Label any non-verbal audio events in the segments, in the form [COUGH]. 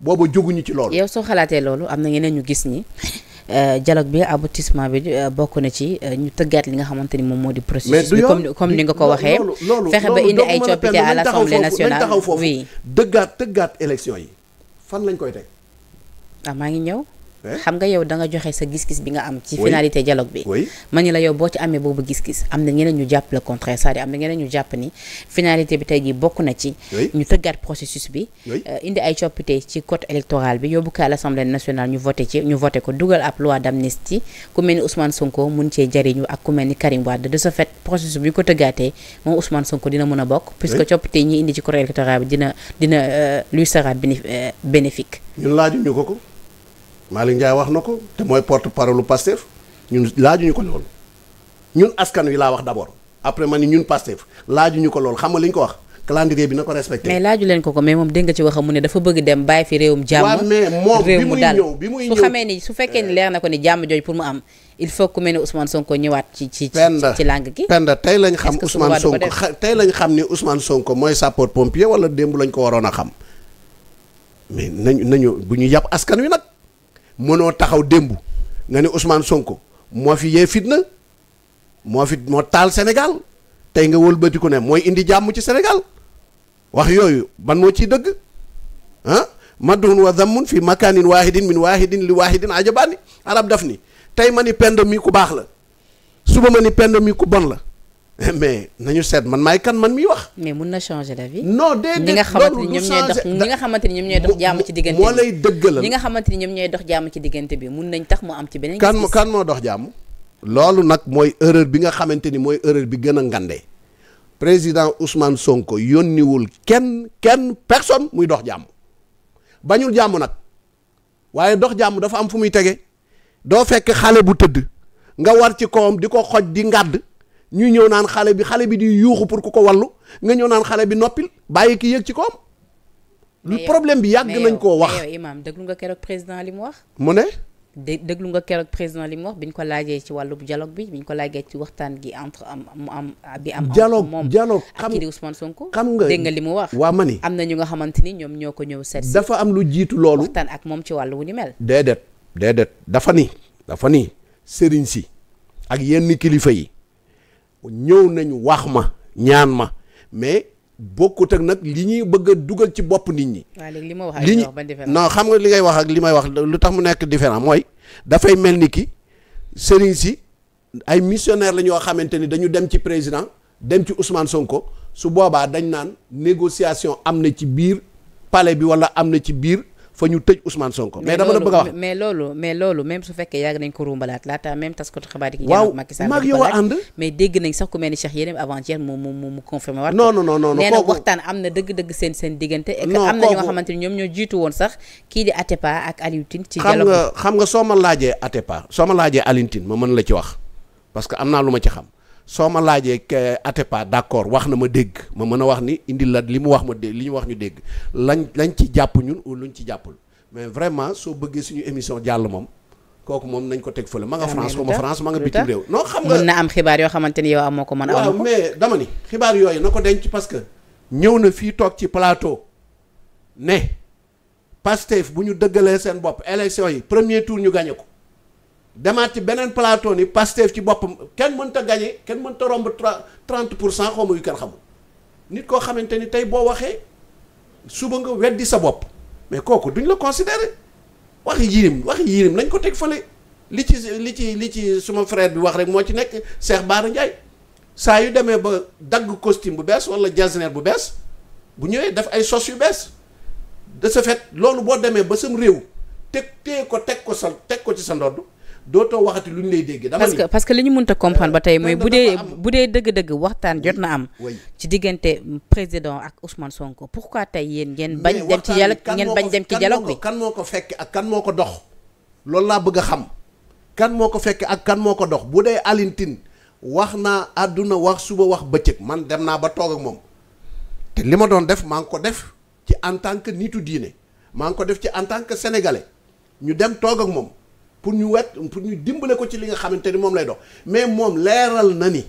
booba jóguñu ci loolu. yow soo xalaatee loolu am na yeneen ñu gis ni euh, dialogue bi aboutissement bi euh, bokk na ci euh, ñu tëggaat li nga xamante ni moom moo di. processus bi comme ni nga ko waxee. fexe ba indi ay coppite à l'Assemblée nationale oui. dëggaat tëggaat élection yi fan lañ koy teg. ah maa ngi ñëw. Eh? xam nga yow da nga joxe sa gis-gis bi nga am ci finalité dialogue bi ma ni la yow boo ci amee boobu gis-gis am na ñeneen ñu jàpp le contraire cest à am na ñeneen ñu jàpp ni finalité bi tey jii bokk na ci ñu tëggaat processus bi euh, indi ay coppite ci code électoral bi yóbbu ko à l'Assemblée nationale ñu voté ci ñu voté ko dugal ab loi d'amnistie ku mel ni Ousmane Sonko mun cee jariñu ak ku mel ni Karim Wade de ce fait processus bi ñu ko tëggaatee moom Ousmane a bokk puisque coppite yi ñuy indi ci code électoral bi dina dina euh, lui sera euh, bénéfique ñun laajuñu ko Malick wax na ko te mooy porte parole lu Pastef ñun laajuñu ko loolu ñun askan wi laa wax d'abord après ma ni ñun Pastef laajuñu ko loolu xam nga li ñu ko wax calendrier bi na ko respecté. mais laaju leen ko ko mais moom dégg nga ci waxam mu ne dafa bëgg dem bàyyi fi réewum jàmm. mais moom bi muy ñëw bi muy ñëw su xamee ni su fekkee ni leer na ko ni jàmm jooju pour mu am il faut que mel ne Ousmane Sonko ñëwaat ci ci ci langue gi. Penda tey lañ xam Ousmane Sonko tey lañ xam ni Ousmane Sonko mooy sapeur pompier wala démb lañ ko waroon a xam mais nañu nañu bu ñu yàpp askan wi nag mënoo taxaw démb nga ne Ousmane Sonko moo fi yee fitna moo fit moo taal senegal tey nga wëlbatiku ne mooy indi jàmm ci senegal wax yooyu ban moo ciy dëgg ah maddun wa zammun fi makanin waahidin min waahidin li waahidin ajabaani arab daf ni tey ma ni pend mi ku baax la suba ma ni pend mi ku bon la [LAUGHS] mais nañu seet man maay kan man miy wax. mais mun na changer d' avis. non déedéet nga xamante ni ñoom ñooy dox nga xamante ni ñoom ñooy dox jàmm ci diggante bi moo lay dëggalal ñi nga xamante ni ñoom ñooy dox jàmm ci diggante bi mun nañ tax mu am ci beneen. kan kan moo dox jàmm. loolu nag mooy erreur bi nga xamante ni mooy erreur bi gën a ngande président Ousmane Sonko yónniwul kenn kenn personne muy dox jàmm bañul jàmm nag waaye dox jàmm dafa am fu muy tegee doo fekk xale bu tëdd nga war ci kawam di ko xoj di ngàdd. ñu ñëw naan xale bi xale bi di yuuxu pour ku ko wallu nga ñëw naan xale bi noppil bàyyi ki yëg ci koom. lu problème bi yàgg nañ koo wax mais imam déglu nga keroog président li mu wax. mu ne. dé déglu président li mu wax bi ñu ko laajee ci wàllu dialogue bi bi ko laajee ci waxtaan gi entre am mu am bi am. dialogue dialogue xam ak kii Sonko. xam nga dégg nga li mu wax. waa ma ni am na ñu nga xamante ni ñoom ñoo ko ñëw seet dafa am lu jiitu loolu waxtaan ak moom ci wàllu wu ni mel. déedéet déedéet dafa ni dafa ni sëriñ si ak yenn kilifa yi ñëw nañu wax ma ñaan ma mais bokkut ak nag li ñuy bëgg a dugal ci bopp nit ñi. waaw léegi li ñu wax li non xam nga li ngay wax ak li may wax lu tax mu nekk différent mooy dafay mel ni ki sëriñ si ay missionnaire la ñoo xamante ni dañu dem ci président dem ci son ko su boobaa dañ naan négociation am na ci biir pale bi wala am na ci biir. fa ñu tëj Ousmane Sonko. mais dama la bëgg a wax mais loolu mais loolu même su fekkee yàgg nañ ko rumbalaat laata même taskatu xabaar yi. waaw maag yow a ànd mais dégg nañ sax ku mel ni Cheikh Yérim mu mu mu mu confirmé waat. non non non non nee waxtaan am na dëgg-dëgg seen seen diggante. non kooku am na ñoo xamante ni ñoom ñoo jiitu woon sax kii di Atepa ak Alioune ci dialogue xam nga xam nga soo ma laajee Atepa soo ma laajee Alioune Tine ma mën la ci wax parce que am naa lu ma ci xam soo ma laajee Atepa d'accord wax na ma dégg ma mën a wax ni indi la li mu wax ma dégg li ñu wax ñu dégg lañ lañ ci jàpp ñun ou luñ ci jàppul mais vraiment soo bëggee suñu émission jàll moom kooku moom nañ ko teg fële ma nga France ko ma France ma nga bitim réew non xam nga mën na am xibaar yoo xamante ni yow amoo ko mën waaw yooyu na ko denc parce que ñëw na fii toog ci plateau ne Pastef bu ñu dëggalee seen bopp élection yi premier tour ñu gagné ko demaat ci beneen plateau ni Pastef ci boppam kenn mënta gañe kenn mënta romb trente pour cent xaw ma yu kenn xamul nit koo xamante ni tey boo waxee suba nga weddi sa bopp mais kooku duñ la considérer wax yirim wax yirim nañ ko teg fële li ci li ci li ci suma frère bi wax rek moo ci nekk Cheikh Bara Ndiaye saa yu demee ba dagg costume bu bees wala jasner bu bees bu ñëwee daf ay sos yu bees de fait loolu boo demee ba sam réew teg tee ko teg ko sa teg ko ci sa ndodd dootoo waxati lu ñu lay dégg. dama parce que que li ñu mënta comprendre ba tey mooy euh, bu dee bu dee dëgg-dëgg waxtaan jot na am. ci diggante président ak Ousmane Sonko pourquoi tey yéen ngeen. bañ dem ci dialogue ngeen bañ dem ci dialogue bi kan moo ko fekke ak kan moo ko dox. loolu laa bëgg a xam kan moo ko fekk ak kan moo ko dox bu dee Alioune wax naa àdduna wax suba wax bëccëg man dem naa ba toog ak moom te li ma doon def maa ngi ko def ci en tant que nitu diine maa ngi ko def ci en tant que sénégalais ñu dem toog ak moom. pour ñu wet pour ñu dimbale ko ci li nga xamante ni moom lay dox mais moom leeral na ni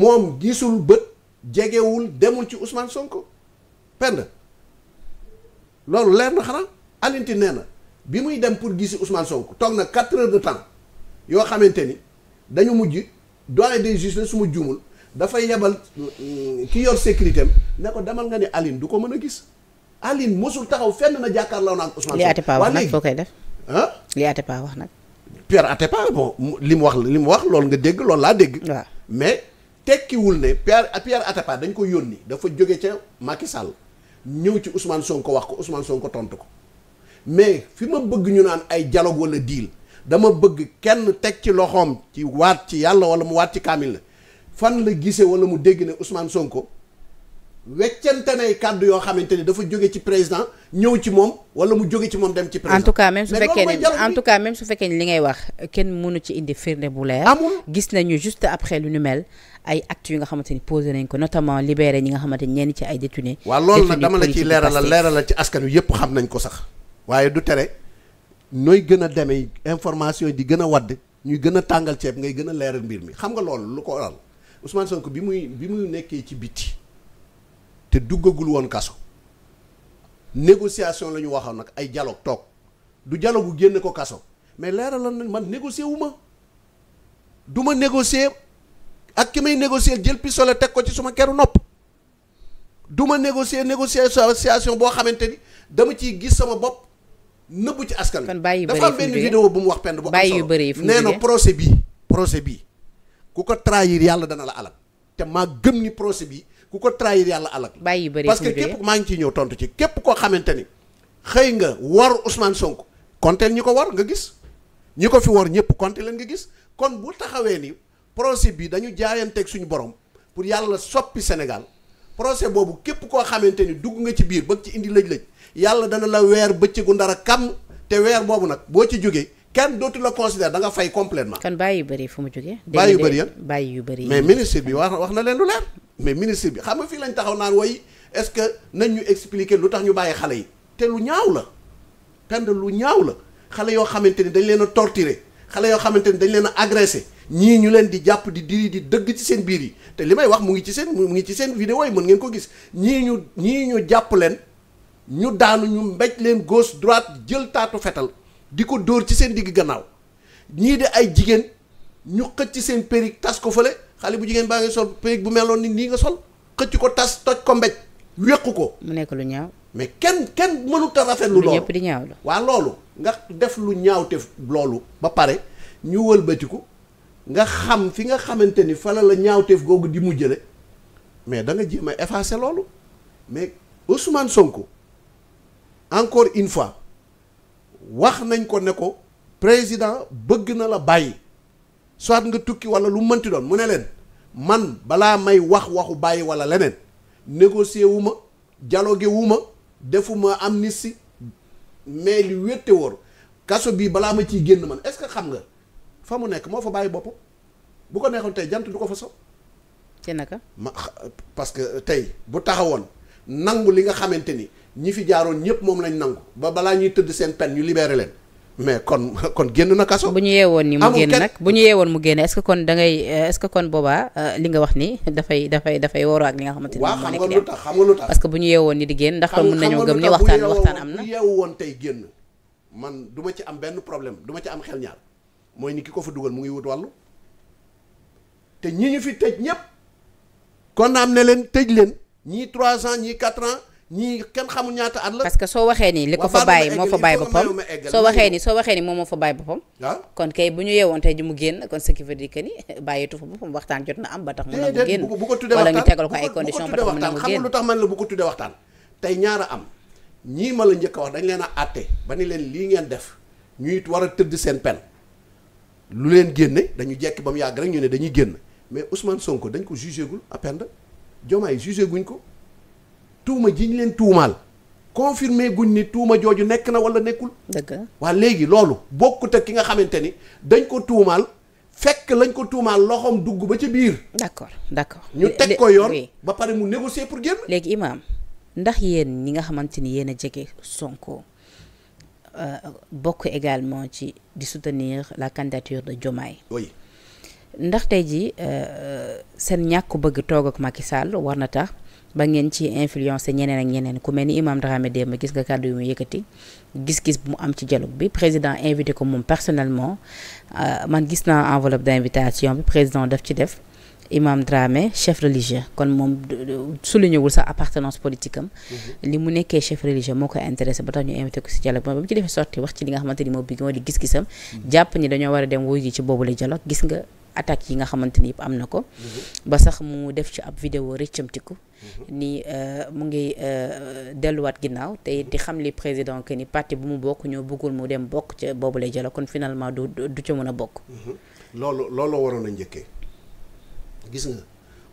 moom gisul bët jegewul demul ci Ousmane Sonko pend loolu leer na xanaa Alioune Tine nee na bi muy dem pour gisi Ousmane Sonko toog na quatre heures de temps yoo xamante ni dañu mujj doyen des juges la su ma juumul dafay yebal euh, ki yor sécurité am ne ko demal nga ni alin du ko mën a gis Alioune mosul taxaw fenn na jàkkaarloo na ak Ousmane Sonko waa léegi ah. li Atepa wax nag. Pierre Atepa bon li mu wax li mu wax loolu nga dégg loolu laa dégg. waaw mais tekkiwul ne Pierre Pierre Atepa dañ ko yónni dafa jóge ca Macky Sall ñëw ci Ousmane Sonko wax ko Ousmane ko tontu ko mais fi ma bëgg ñu naan ay dialogue wala deal dama bëgg kenn teg ci loxoom ci waat ci yàlla wala mu waat ci kaamil la fan la gisee wala mu dégg ne Ousmane Sonko weccante nay kàddu yoo xamante ni dafa jóge ci président ñëw ci moom wala mu jóge ci moom dem ci président en tout cas même su fekkee ne en tout cas même su fekkee ne li ngay wax kenn mënu ci indi firnde bu leer amul gis nañu juste après lu nu mel ay actes yu nga xamante ni posé nañ ko notamment libéré ñi nga xamante ni ñenn ci ay détenus waaw loolu nag dama la ciy leeralal leeral ci askan wi yëpp xam nañ ko sax waaye du tere nooy gën a demee information yi di gën a wadd ñuy gën a tàngal ceeb ngay gën a leeral mbir mi xam nga loolu lu ko waral Ousmane Sonko bi muy bi muy nekkee ci biti te duggagul woon kaso négociation la ñu waxoon nag ay dialogue toog du dialogue gu génn ko kaso mais leeralal nañ man négocier wu ma du ma négocier ak ki may négocier jël pistolet teg ko ci suma keru nopp du ma négocier négociation boo xamante ni dama ciy gis sama bopp nëbbu ci askan bi dafa am benn vidéo bu mu wax pend bu am solo nee na procès bi procès bi ku ko trahir yàlla dana la alal te maa gëm ni procès bi ku ko trahir yàlla alak bàyyi bëri parce que képp maa ngi ciy ñëw tontu ci képp koo xamante ni xëy nga war Ousmane sonk konteel ñi ko war nga gis ñi ko fi war ñëpp konte leen nga gis kon bu taxawee ni procès bi dañu jaayanteeg suñu borom pour yàlla soppi Sénégal procès boobu képp koo xamante ni dugg nga ci biir bëgg ci indi lëj-lëj yàlla dana la weer bëccëgu ndara kam te weer boobu nag boo ci jógee kenn dootu la considère da nga fay complètement kon bàyyi yu bëri fu mu jógee bàyyi yu mais ministre bi xam nga fii lañ taxaw naan way est-ce que nañ ñu expliquer lu tax ñu bàyyi xale yi te lu ñaaw la pend lu ñaaw la xale yoo xamante ni dañ leen a torturer xale yoo xamante ni dañ leen a agressé ñii ñu leen di jàpp di diri di dëgg ci seen biir yi te li may wax mu ngi ci seen mu ngi ci seen vidéo yi mën ngeen ko gis ñii ñu ñii ñu jàpp leen ñu daanu ñu mbej leen gauche droite jël taatu fetal di ko dóor ci seen digg gannaaw ñii di ay jigéen ñu xëcc seen périg tas ko xale bu jigéen baa ngi sol périg bu meloon ni nii nga sol xëcc ko tas toj ko mbéj wéqu ko mu nekk lu ñaaw mais kenn kenn mënut a rafetlu loolu ñëpp di ñaaw la waa loolu nga def lu ñaaw loolu ba pare ñu wëlbatiku nga xam fi nga xamante ni fala la ñaawteef googu di mujjale mais danga nga jéem a loolu mais Ousmane sonk encore une fois wax nañ ko ne ko président bëgg na la bàyyi soit nga tukki walla lu mënti doon mu ne leen man balaa may wax waxu bàyyi wala leneen négocier wu ma dialogué wu ma defuma amnistie mais li wette woor kaso bii balaa ma ciy génn man est-ce que xam nga fa mu nekk moo fa bàyyi boppam bu ko neexul tey jant du ko fa so ci naka ma parce que tey bu taxawoon nangu li nga xamante ni ñi fi jaaroon ñëpp moom lañ nangu ba balaa ñuy tëdd seen peine ñu libéré leen mais kon kon génn na kaso. bu ñu yeewoon ni mu génn nag bu ñu yeewoon mu génn est-ce que kon da ngay est-ce que kon boobaa euh, li nga wax ni dafay dafay dafay wóoroo ak li nga xamante ni moom moo nekk xam nga que bu ñu yeewoon ni di génn ndax tey génn man du ma ci am benn problème du ci am xel ñaar mooy ni ki ko fa dugal mu ngi wut wàllu te ñi ñu fi tëj ñëpp kon am ne leen tëj leen ñii trois ans ñii quatre ans ñii kenn xamul ñaata at la. parce que soo waxee ni li ko fa bàyyi moo fa bàyyi boppam soo waxee ni soo waxee ni moom moo fa bàyyi boppam. Ah. kon kay bu ñu yeewoon tey ji mu génn kon ce qui veut dire que ni [LAUGHS] bàyyeetu fa boppam waxtaan jot na am ba tax mu nangu génn bu ko tuddee waxtaan wala mu génn bu ko tuddee waxtaan tey ñaara am ñii ma la njëkk a wax dañ leen a àtte ba ni leen lii ngeen def ñuy war a tëdd seen pen lu leen génne dañu jekki ba mu yàgg rek ñu ne dañuy génn mais Ousmane Sonko dañ ko jugé gul à peine Diomaye jugé guñ ko tuuma ji ñu leen tuumaal confirmé guñ ni tuuma jooju nekk na wala nekkul. dëgg waa léegi loolu bokkut ak ki nga xamante ni dañ ko tuumaal fekk lañ ko tuumaal loxoom dugg ba ci biir. d'accord d'accord ñu teg ko yoon ba pare mu négocier pour génn. léegi imaam ndax yéen ñi nga xamante ni yéen a jege Sonko. Euh, bokk également ci di soutenir la candidature de Diomaye. oui ndax tey ji euh, seen ñàkku bëgg toog ak Macky war na tax. ba ngeen ci influencé ñeneen ak ñeneen ku mel ni imam Dramé démb gis nga kàddu yu mu yëkkati gis-gis mu am ci dialogue bi président invité ko moom personnellement euh, man gis naa enveloppe d'invitation bi président daf ci def imam Dramé chef religieux kon moom souligné wul sax appartenance politique am. Mhm. li mu nekkee chef religieux moo koy intéressé ba tax ñu invité ko si dialogue ba mu ci defee sorti wax ci li nga xamante ni moo bi gis-gisam. Mhm. jàpp ni dañoo war a dem wuyu ji ci boobu la dialogue gis nga. attaques yi nga xamante ni yëpp am na ko. ba sax mu def ci ab vidéo rëccamtiku. ni euh, mu ngi euh, delluwaat ginnaaw te di xam li président que ni parti bu mu bokk ñoo bëggul mu dem bokk ca boobu lay jëla kon finalement du du ca mën a bokk. Mm-hmm. loolu looloo waroon a njëkkee gis nga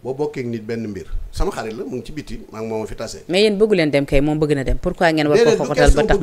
boo bokkee nit benn mbir sama xarit la mu ci biti maa moom a fi tase. mais yéen bëggu dem kay moom bëgg na dem pourquoi ngeen war ko xoxotal ba tax